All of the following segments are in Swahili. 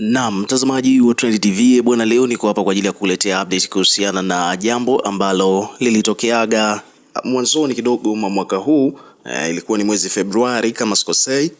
Na mtazamaji wa Trend TV bwana, leo niko hapa kwa ajili ya kukuletea update kuhusiana na jambo ambalo lilitokeaga mwanzoni kidogo mwa mwaka huu eh, ilikuwa ni mwezi Februari kama sikosei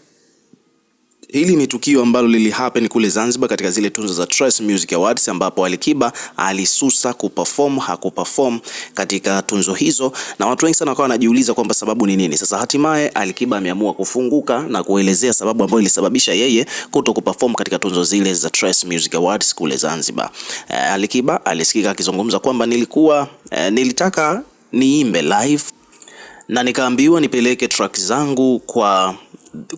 Hili ni tukio ambalo lili happen kule Zanzibar katika zile tunzo za Trace Music Awards ambapo Alikiba alisusa kuperform hakuperform katika tunzo hizo, na watu wengi sana wakawa wanajiuliza kwamba sababu ni nini. Sasa hatimaye Alikiba ameamua kufunguka na kuelezea sababu ambayo ilisababisha yeye kuto kuperform katika tunzo zile za Trace Music Awards kule Zanzibar. Eh, Alikiba alisikika akizungumza kwamba nilikuwa eh, nilitaka niimbe live na nikaambiwa nipeleke track zangu kwa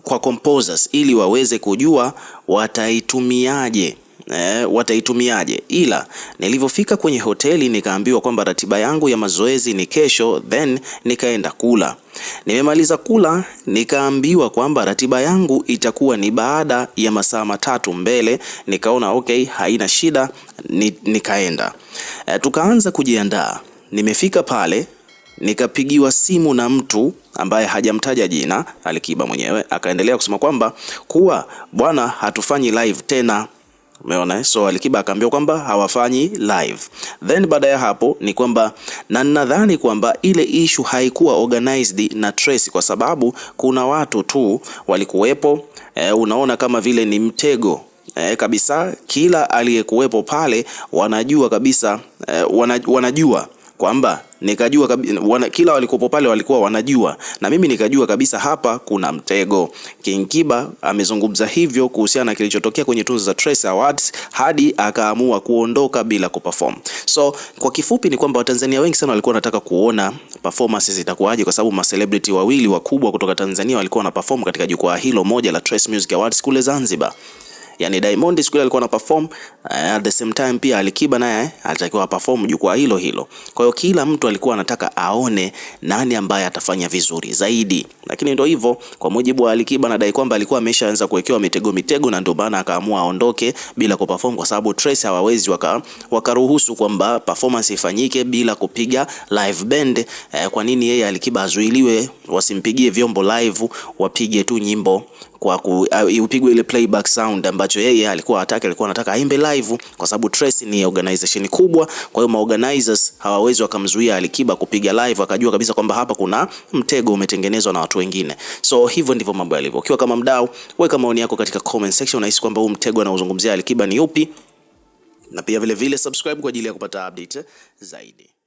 kwa composers ili waweze kujua wataitumiaje E, wataitumiaje. Ila nilivyofika kwenye hoteli nikaambiwa kwamba ratiba yangu ya mazoezi ni kesho, then nikaenda kula. Nimemaliza kula, nikaambiwa kwamba ratiba yangu itakuwa ni baada ya masaa matatu mbele. Nikaona okay, haina shida ni, nikaenda e, tukaanza kujiandaa. Nimefika pale nikapigiwa simu na mtu ambaye hajamtaja jina, Alikiba mwenyewe akaendelea kusema kwamba kuwa bwana, hatufanyi live tena. Umeona, so Alikiba akaambia kwamba hawafanyi live. Then baada ya hapo ni kwamba na ninadhani kwamba ile issue haikuwa organized na Trace, kwa sababu kuna watu tu walikuwepo. E, unaona kama vile ni mtego e, kabisa. Kila aliyekuwepo pale wanajua kabisa e, wanajua kwamba nikajua kabisa, wana, kila walikopo pale walikuwa wanajua na mimi nikajua kabisa hapa kuna mtego. King Kiba amezungumza hivyo kuhusiana na kilichotokea kwenye tunzo za Trace Awards hadi akaamua kuondoka bila kuperform. So kwa kifupi ni kwamba Watanzania wengi sana walikuwa wanataka kuona performance zitakuwaje, kwa sababu ma wawili wakubwa kutoka Tanzania walikuwa wanaperform katika jukwaa hilo moja la Trace Music Awards kule Zanzibar yani Diamond siku ile alikuwa na perform uh, at the same time, pia Alikiba naye eh, alitakiwa perform jukwaa hilo hilo. Kwa hiyo kila mtu alikuwa anataka aone nani ambaye atafanya vizuri zaidi, lakini ndio hivyo. Kwa mujibu wa Alikiba, anadai kwamba alikuwa ameshaanza kuwekewa mitego mitego, na ndio maana akaamua aondoke bila kuperform, kwa sababu Trace hawawezi waka wakaruhusu kwamba performance ifanyike bila kupiga live band. eh, Kwa nini yeye Alikiba azuiliwe, wasimpigie vyombo live, wapige tu nyimbo kwa ku, uh, upigwe ile playback sound ambacho yeye alikuwa hataki, alikuwa anataka aimbe live, kwa sababu Trace ni organization kubwa. Kwa hiyo maorganizers hawawezi wakamzuia Alikiba kupiga live, akajua kabisa kwamba hapa kuna mtego umetengenezwa na watu wengine. So hivyo ndivyo mambo yalivyo. Ukiwa kama mdau, weka maoni yako katika comment section. Unahisi kwamba huu mtego anaozungumzia Alikiba ni upi? Na pia vile vile subscribe kwa ajili ya kupata update zaidi.